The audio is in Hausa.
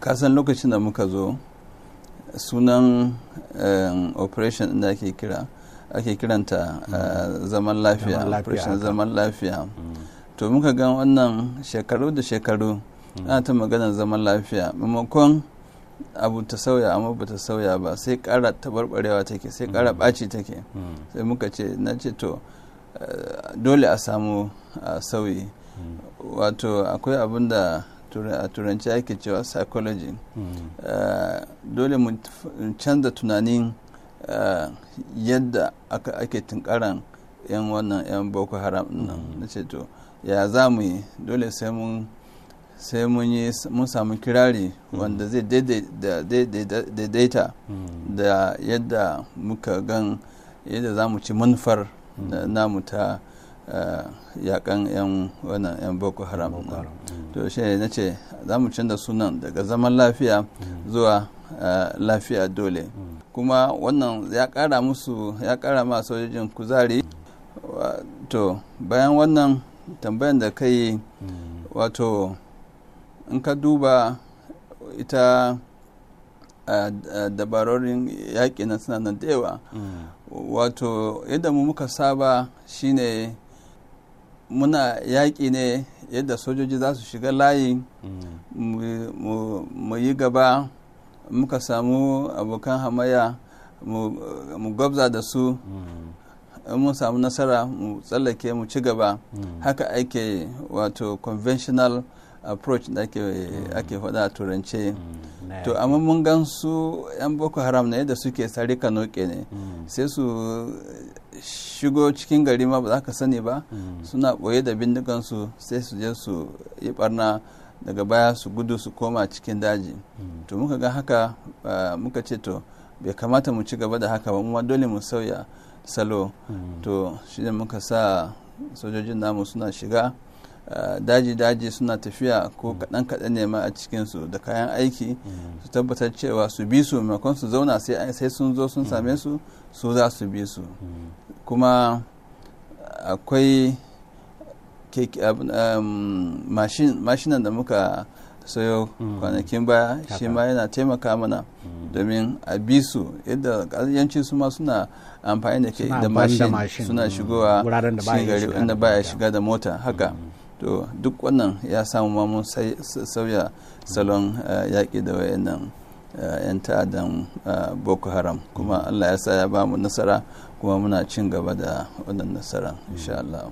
kasan lokacin da muka zo sunan eh, operation da ake kira ake kiranta eh, zaman lafiya operation zaman lafiya mm. to muka ga wannan shekaru da shekaru mm. ana ta magana zaman lafiya maimakon abu ta sauya amma ba ta sauya ba sai kara tabarbarewa take sai kara mm. ɓaci take sai muka ce na ce to eh, dole a samu sauyi wato akwai abin da a turanci ake cewa psychology hmm. eh, dole mu canza tunanin eh, yadda ake tunkaran 'yan wannan 'yan boko haram nan hmm. na ce to ya za mu yi dole sai mun sai mun yi mun samu kirari hmm. wanda zai daidaita da yadda muka gan yadda za mu ci manufar namu ta eh, yakan 'yan wannan 'yan boko haram to shi na ce za mu canza sunan daga zaman lafiya zuwa eh, lafiya dole kuma wannan ya kara musu ya kara ma sojojin kuzari to bayan wannan tambayan da ka yi wato in ka duba ita eh, eh, dabarorin yaƙi na suna nan wato yadda mu muka saba shine muna yaƙi ne yadda sojoji za su shiga layi mu yi gaba muka samu abokan hamaya mu gwabza da su in mun samu nasara mu tsallake mu ci gaba haka ake wato conventional approach da ake faɗa a turance Eh. to amma mun gan su yan boko haram ne da suke sarika noke ne mm. sai su shigo cikin gari ma ba za ka sani ba mm. suna ɓoye da bindigan su sai su je su yi barna daga baya su gudu su koma cikin daji mm. to muka ga haka muka ce to bai kamata mu ci gaba da haka ba mu dole mu sauya salo to shi muka sa sojojin namu suna shiga daji-daji suna tafiya ko kaɗan-kaɗan mm. ne ma a cikinsu da kayan aiki mm. su tabbatar cewa su bi su maimakon su zauna sai sun zo sun mm. same su su za su bi su kuma akwai um, mashinan da muka sayo kwanakin baya shi ma yana taimaka mana domin a bi su yadda yanci su ma suna amfani da mashin suna shigowa baya shiga da mota haka to duk wannan ya samu ma mun sauya salon eh, yaƙi da wayannan eh, 'yan ta'adan eh, boko haram kuma allah ya sa ya ba mu nasara kuma muna cin gaba da wannan nasara insha Allah